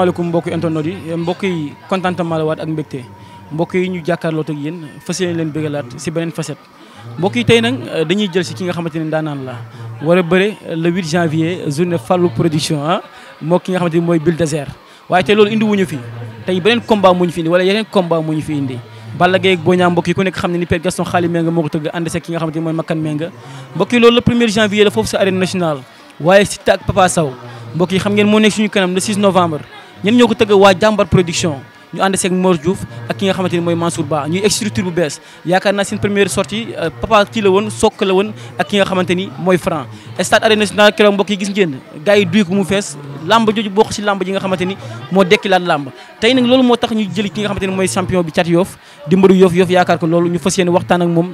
maaleykum mbokki internet yi mbokk yi contentement yi ñu jàkkaarloo ak euh, nga xamante ne daanaan la a bëre le 8 janvier journée Fallou production ah, nga xamante ni waaye tey loolu indi fi tey beneen combat moo fi indi wala yeneen combat moo fi indi Balla Gaye ak Boy ku nekk xam ne ni Père Gaston xaali Menga moo ko tëgg ànd ak ki nga xamante mooy Makan Menga mbokk yi loolu le premier janvier la foofu sa arène nationale waaye Siteu ak Papa Sow mbokk xam ngeen moo nekk suñu kanam le 6 ñen ñoo ko tëgg waa jàmbar production ñu ànd seeg Mor Diouf ak ki nga xamante ni mooy Mansour Ba ñuy structure bu bees yaakaar naa seen première sortie euh, papa kii la woon sokk la woon ak ki nga xamante ni mooy Franc stade arène nationale keroog mbokk yi gis ngeen gars yi duy ko mu fees lamb jooju bokk si lamb ji nga xamante ni moo dekkilaat lamb tey nag loolu moo tax ñu jëli ki nga xamante ni mooy champion bi cat yoof di mbaru yoof yoof yaakaar ko loolu ñu fas yéene waxtaan ak moom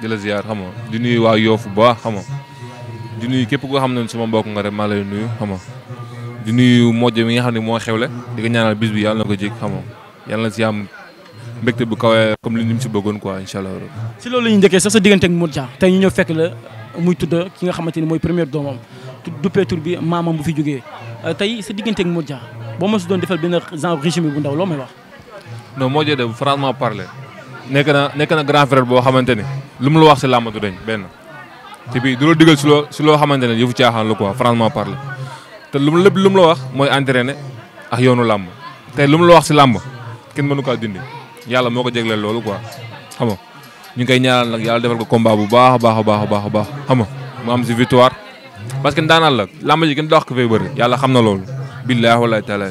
di la ziar xam nga di nuyu waa Yoof bu baax xam nga di nuyu képp koo xam ne suma mbokk nga rek maa lay nuyu xam nga di nuyu mojj mi nga xam ne moo xewle di ko ñaanal bis bi yàlla na ko jik xam nga yàlla si am mbégte bu kawee comme li ñu si bëggoon quoi incha allah. loolu la ñuy njëkkee sa diggante ak Modou Dia tey ñu ñëw muy tudd ki nga xamante ni mooy première doomam du tur bi maamam bu fi jógee euh, tey sa diggante ak mu Dia boo ma si doon defal benn genre résumé bu ndaw loo may wax. non Modou Dia de franchement parler nekk na nekk na grand frère boo xamante ne lu mu la wax si làmb du dañ benn te bii du la digal si loo si loo xamante ne yëfu caaxaan la quoi franchement parler te lu mu lépp lu mu la wax mooy entraîné ak yoonu làmb te lu mu la wax si làmb kenn mënu kaa dindi yàlla moo ko jégleel loolu quoi xam nga ñu ngi koy ñaanal nag yàlla defal ko combat bu baax a baax a baax a baax a baax xam nga mu am si victoire parce que daanaan la làmb ji kenn dox ko bëri yàlla xam na loolu billaahi wallaahi taala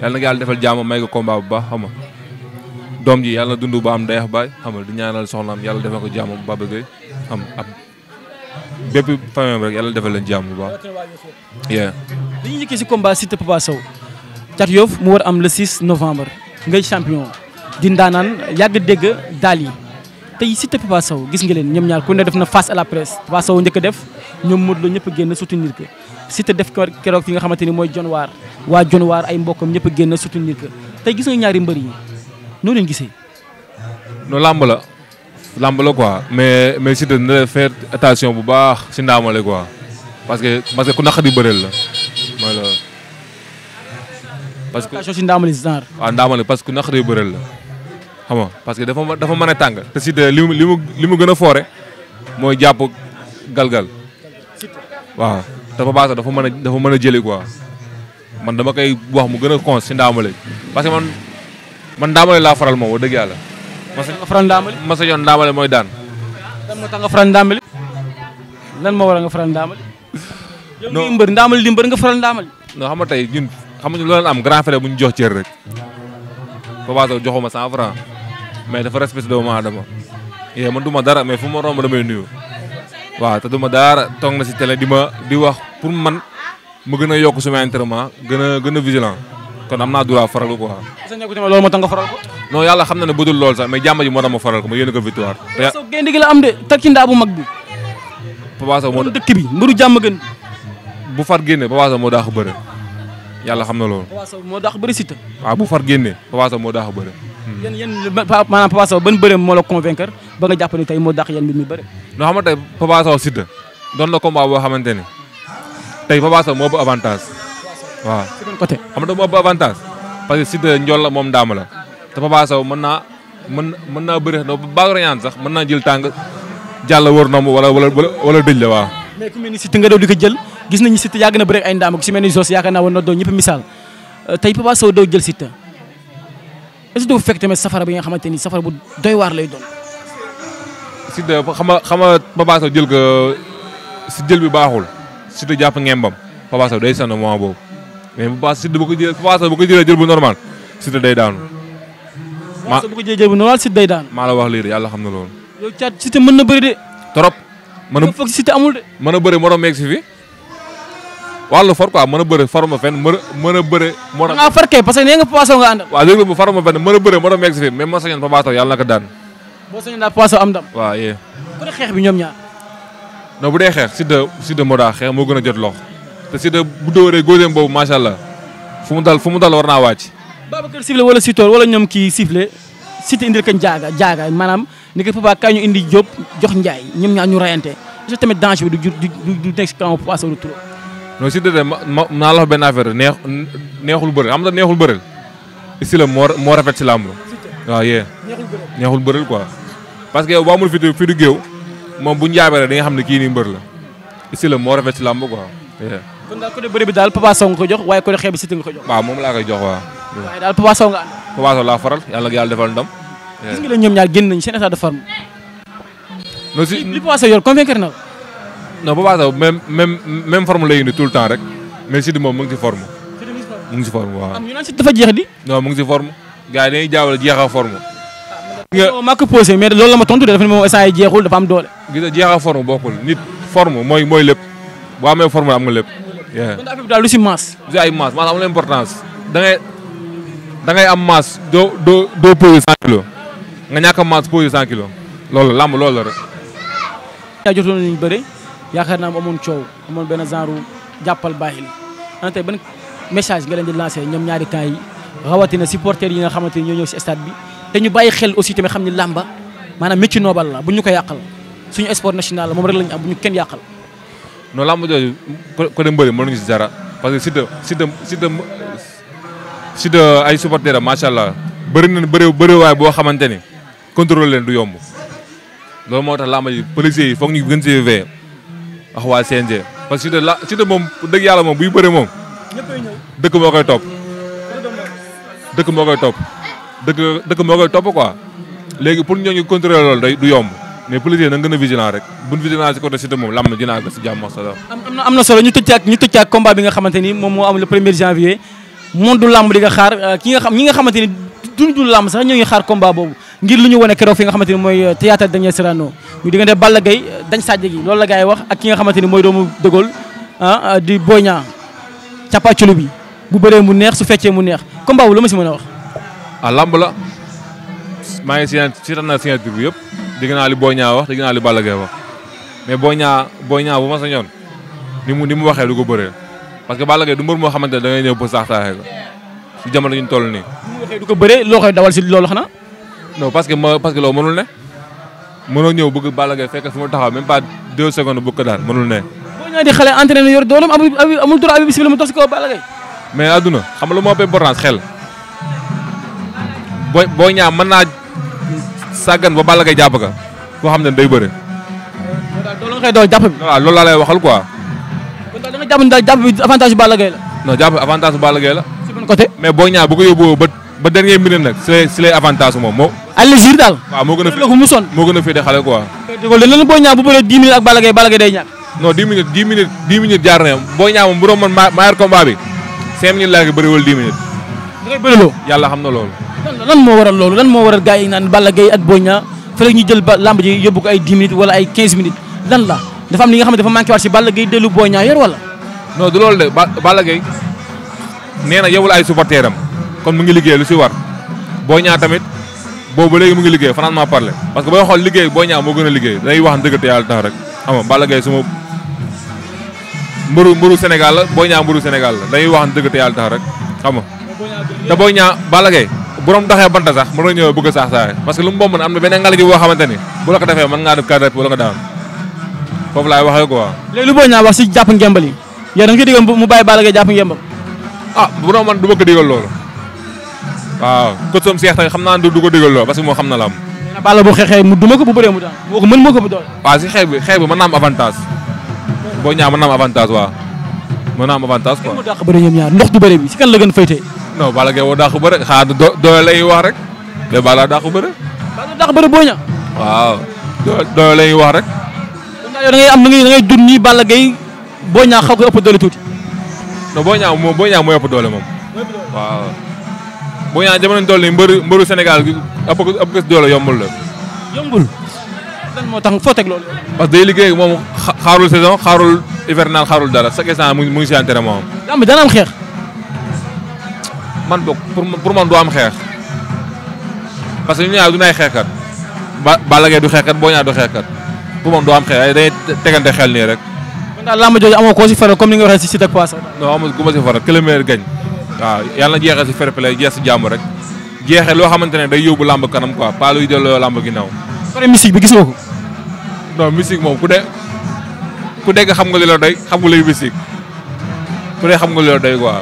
yàlla nag yàlla defal jàmm may ko combat bu baax xam nga doom ji yàlla na dund ba am day ax baay xam nga di ñaanal soxnaam yàlla defal ko jàmm bu Baba am xam ab bépp famille yàlla defal leen jàmm bu baax. yeah. li ñu njëkkee si combat Siteu Papa Sow. Cat mu war am le 6 novembre ngay champion di ndaanaan yàgg dégg daal yi tey Siteu Papa Sow gis nga leen ñoom ñaar ku ne def na face à la presse Papa Sow njëkk def ñoom Modou Lo ñëpp génn soutenir ko Siteu def keroog fi nga xamante ni mooy John Waar waa John Waar ay mbokkam ñëpp génn soutenir ko tey gis ñaari mbër yi. noo leen gisee. no làmb la. làmb mais mais si de na faire attention bu baax si ndaamale quoi parce que parce que ku naq di la mooy parce que attention si ndaamale si parce que ku naq di la xam nga parce que dafa dafa mën a tàng. te si de li mu li mu li mu gën a foore mooy jàpp galgal waaw te dafa mën a dafa mën a jëli quoi man dama koy wax mu gën a cons si ndaamale parce que man. man ndaamale laa faral moom wax dëgg yàlla. masa nga faral ndaamale masa mooy daan. lan moo a nga faral ndaamale. lan moo waral a faral ndaamale. non yow mii nga faral ndaamale. non xam nga tey ñun xam nga loolu am grand frère bu ñu jox cër rek. Papa Sow joxuma cent franc mais dafa respecté doomu aadama. yee eh, man du ma dara mais fu ma romb damay nuyu. waaw te du ma dara toog na si télé di ma di wax pour man ma gën a yokk suma entraînement gën a gën a vigilant. kon am naa droit faral ko quoi. Ah. loolu moo tax nga ko. non yàlla xam na ne budul loolu sax mais jàmba ji moo tax ma faral ko ma yéene ko victoire. te gi am de takkindaa bu mag bi. Papa Sow moo dëkk bi mbiru jàmm gën. moo daax bëre yàlla xam na loolu. Papa Sow moo daax bëre Siteu. waaw bu far génne Papa moo daax bëre. Hmm. yéen yéen maanaam Papa Sow ban jàpp ne tey moo daax yéen mbir mi bëre. noo xamante ne Papa Sow Siteu doon boo xamante ne tey Papa moo ëpp avantage waaw côté xam nga dafa avantage parce que Siteu njool la moom ndaama la te Papa Sow mën naa mën mën naa bëri do baagarañaan sax mën naa jël tàng jàll wër nomb wala wala wala dëj la waaw mais ku mel ni Siteu nga daw di ko jël gis nañu Siteu yàgg na bëri ay ndaam ku si mel ni Zoss yaakaar naa war na doo ñëpp misaal euh, tey Papa Sow doo jël Siteu est-ce que du fekk tamit safara bi nga xamante ni safara bu doy waar lay doon Siteu xama xama Papa Sow jël ko si jël bi baaxul Siteu jàpp ngembam Papa Sow day sonn moment boobu mais bu paase Siteu bu ko jëlee bu paase bu ko jëlee jël bu normal Siteu day daanu. maa bu ko jëlee jël bu normal Siteu day maa la wax lii de yàlla xam na loolu. yow caat Siteu mën na bëri de. trop mën na foog amul de. mën a bëri morom meeg si a bëri faruma fenn mën a mën a da ngaa a bëri morom meeg si fi mais ma sañoon Papa yàlla na ko daan. moo sañoon daal Papa am ndam. waaw yee. bu dee xeex bi ñoom ñaar. non bu dee xeex Siteu Siteu moo daa xeex moo gën a jot loxo te Siteu bu dóoree góoseem boobu macha allah fu mu dal fu mu dal war naa wàcc. Babacar sifflé wala Sitor wala ñoom kii sifflé Siteu indil kan jaaga jaaga maanaam ni ko Papa kaay ñu indi Diop jox Ndiaye ñoom ñaar ñu rayante est-ce que tamit danger bi du jur du du nekk si camp passé wala trop. non Siteu de ma naa la benn affaire neex neexul bëri xam nga neexul bëri si la moo moo rafet si làmb. waaw yee neexul bëril quoi parce que yow boo amul fi fi du géew moom bu ñu jaabee nga xam ne kii nii la si la moo rafet si kon daal côté bëri bi daal Papa Sow nga ko jox waaye côté xeex bi Siteu nga ko jox. moom laa koy jox waaw. daal Papa nga laa faral yàlla yàlla defal ndam. gis nga leen ñoom ñaar génn nañ seen état de forme. non si li Papa Sow yor même même même forme lay indi le temps rek mais Siteu moom mu ngi mu ngi si forme waaw. am dafa jeex di. non mu ngi si forme gars yi dañuy jaawale jeexa forme. nga ah, maa ko posé mais la ma tontu dafa ne moom instant yi jeexul dafa am doole. gis nga jeexa forme bokkul nit boo amee forme am nga lépp kon affaire lu si masse. lu si ay masse maanaam amul importance da ngay am masse doo doo doo posé 100 kilos nga ñàkk a masse posé 100 kilos loolu làmb loolu la rek. yaa jotoon nañu bëri yaakaar naa amoon coow amoon benn genre jàppal bàyyil en tey ban message nga leen di lancé ñoom ñaari temps yi rawatina supporters yi nga xamante ni ñoo ñëw si stade bi te ñu bàyyi xel aussi tamit xam ni làmba maanaam métier noobal la bu ñu ko yàqal suñu sport national la moom rek lañu am bu ñu kenn yàqal. non làmb jooju ko de mbëri mënuñu si dara parce que Siteu Siteu Siteu ay supporter am macha allah bëri na bëri bëriwaay boo xamante ni contrôle leen du yomb loolu moo tax làmb ji policiers yi foog ñu gën si veillé wax waa CNG parce que Siteu la Siteu moom dëgg yàlla moom buy bëri moom dëkk moo koy topp dëkk moo koy topp dëkk dëkk moo koy topp quoi léegi pour ñooñu contrôler loolu day du yomb mais policier na gën a vigilant rek buñ vigilant si côté Siteu moom lam na dinaa si jàmm ak am na am ñu tëj ak ak combat bi nga xamante ni moom moo am le premier janvier monde du lamb di nga xaar euh, ki nga xam ñi nga xamante ni duñ du lamb sax ñoo ngi xaar combat boobu ngir lu ñu wane keroog mooy euh, théâtre Daniel Serrano ñu diggante Balla Gaye euh, dañ Sadio gi loolu la gars wax ak ki nga xamante mooy doomu dëggool ah di Boy Niang capaculu bi bu bëree mu neex su feccee mu neex combat bu la ma si mën a wax a ah, lamb la maa ngi si si tan naa signature bi yëpp dégg naa li Boy Niang wax dégg naa mais Boy Niang bu ma ni mu ni mu waxee du ko bëree parce que Balla Gaye du mbër moo xamante ne da ngay ñëw pour saax-saaxee ko si jamono ñu toll nii. waxee du bëree loo koy dawal si loolu xanaa. non parce que ma parce que loolu mënul ne mënoo ñëw bëgg Balla Gaye fekk fi mu taxaw même pas deux secondes bëgg ko daal mënul ne. Boy Niang di xale entraîné yor doolam amul amul droit bi bisimilah mu toog si kaw Balla mais adduna xam nga lu ma sàggan ba Balla Gaye jàpp ka foo xam ne day bëre. loolu nga koy doon jàpp bi. waaw loolu laa lay waxal quoi. kon da nga jàpp ne daal jàpp bi avantage Balla Gaye la. non jàpp avantage Balla Gaye la. si ban côté. mais boo ñaar bu ko yóbbu ba ba dernier minute nag si lay avantage moom moo. allégir daal. waaw moo gën a féetee mu sonn moo a féetee xale quoi. déggoo léeg-léeg boo ñaar bu bëree 10 minutes a Balla Gaye Balla Gaye day ñàkk. non 10 minutes 10 minutes jaar na boo ñaar moom bu doon man maire combat bi 5 minutes laa koy bëriwul 10 minutes. yàlla xam na loolu lan moo waral loolu lan moo waral gars yi naan Balla Gaye ak Boy Niang fële ñu jël ba lamb ji yóbbu ko ay 10 minutes wala ay 15 minutes lan la dafa am li nga xam ne dafa manqué waat si Balla Gaye dellu Boy Niang yor wala. non du loolu de Balla Gaye nee na ay supporter am kon mu ngi liggéey lu si war Boy Niang tamit boobu ba léegi mu ngi liggéey franchement parler parce que booy xool liggéey Boy Niang moo gën a liggéey day wax dëgg te yàlla tax rek xam nga Balla Gaye suma mbëru mbëru Sénégal la Boy Niang mbëru Sénégal la dëgg te yàlla tax rek xam nga te Boy Niang borom doxee banta sax mën nga ñëw bëgg a saax saaxe parce que lu mu bomb na am na beneen ngalaji boo xamante ni bu la defee mën ngaa def cadre wala nga daan foofu laay waxee quoi. léegi lu booy ñaa wax si jàpp ngembal yi yow da nga koy digal mu bàyyi Balla Gaye jàpp ngembal ah bu doon man du ma ko digal loolu waaw kot soom seex tamit xam naa du du ko digal loolu parce que xam na la am Balla bu xeexee mu duma ko bu bëree mu daan moo ko mën moo ko bu doon waaw si xeex bi xeex bi mën naa am boo ñaa la gën faytee no Balla Gaye woo dàqu bëre xaar do doole lay wax rek mais Balla dàqu bëre. Balla dàqu bëre Boy waaw doole lay wax rek. kon yow da ngay am da ngay da ngay dund nii Balla Gaye Boy xaw ko ëpp doole tuuti. non Boy moom Boy Niang mooy ëpp doole moom. waaw. Boy Niang jamono toll nii mbëru mbëru Sénégal gi ëpp doole yombul la. yombul. moo tax foo teg loolu. parce que day liggéey moom xaarul saison xaarul hivernal xaarul dara chaque instant mu ngi mu ngi si entraînement am. daa am xeex. man boog pour pour man du am xeex parce que ñu ñaar du nay xeexkat ba Balla Gaye du xeexkat Boy Niang du xeexkat pour man du am xeex dañuy tegante xel nii rek. kon daal làmb jooju amoo koo si faral comme ni nga waxee si Siteu ak Passa. non amul ku ma si faral kilomètre gañ waaw yàlla na jeexee si fair play jeex si jàmm rek jeexee loo xamante ne day yóbbu làmb kanam quoi pas luy delloo làmb ginnaaw. kon musique bi gis ko. non musique moom ku de ku dégg xam nga li la doy xam nga luy xam nga li la doy quoi.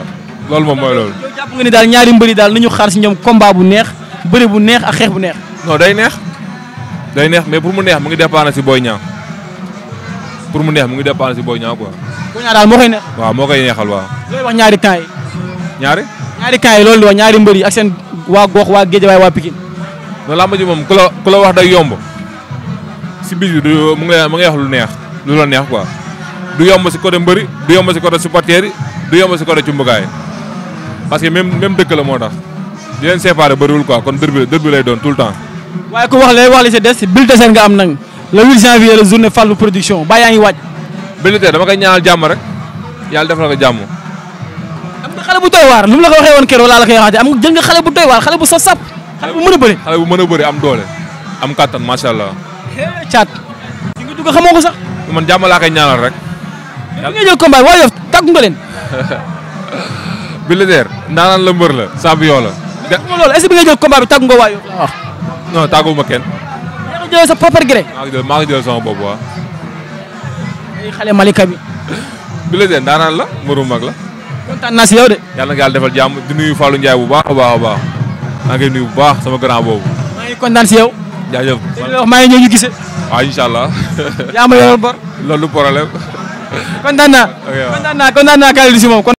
loolu moom mooy loolu. yow jàpp ni daal ñaari mbëri daal nañu xaar si ñoom combat bu neex bëri bu neex ak xeex bu neex. non day neex day neex mais pour mu neex mu ngi dépendre si Boy Niang pour mu neex mu ngi dépendre si Boy Niang quoi. Boy Niang daal moo koy neex. waaw moo koy neexal waaw. looy wax ñaari camps yi. ñaari. ñaari camps loolu la wax ñaari mbëri ak seen waa gox waa Guédiawaye waa Pikine. non làmb moom ku la ku la wax day yomb si biir mu ngi lay mu lu neex lu la neex quoi du yomb si côté mbëri du yomb si côté supporters yi du yomb si côté cumbukaay parce que même même dëkk la moo tax di leen séparé bëriwul quoi kon dër lay doon tout le temps. waaye ku wax lay wax li si des bulletin nga am nag le 8 janvier la journée Fallou production ba yaa ngi waaj. bulletin dama koy ñaanal jàmm rek yàlla def na ko jàmm. am nga xale bu doy waar lu mu la ko waxee woon keroog laa la koy waxee am nga jël xale bu doy waar xale bu saf saf. xale bu mën a bëri xale bu mën a bëri am doole am kattan macha allah. caat. fi nga dugg ko sax. man jàmm laa koy ñaanal rek. yàlla bu ñu Bulldozer ndaanaan la mbër la champion la. nga loolu est ce que bi nga jël combat bi tàggu nga waayu. waaw ah, non tàggu ma kenn. yaa ngi jëlee sa propre gré. maa ngi jël maa ngi jël sama bopp waaw. ay xale Malika bi. Bulldozer ndaanaan la mbëru mag la. kontaan naa si yow de. yàlla na yàlla defal jàmm di nuyu Fallou Ndiaye bu baax a baax a baax. maa ngi nuyu bu baax sama grand boobu. maa ngi kontaan si yow. jaajëf wax maa ngi ñëw ñu gisee. waaw incha allah. yaa ma yoroon bor. loolu problème. kontaan naa. ok waaw kontaan naa kontaan naa kàlla du si moom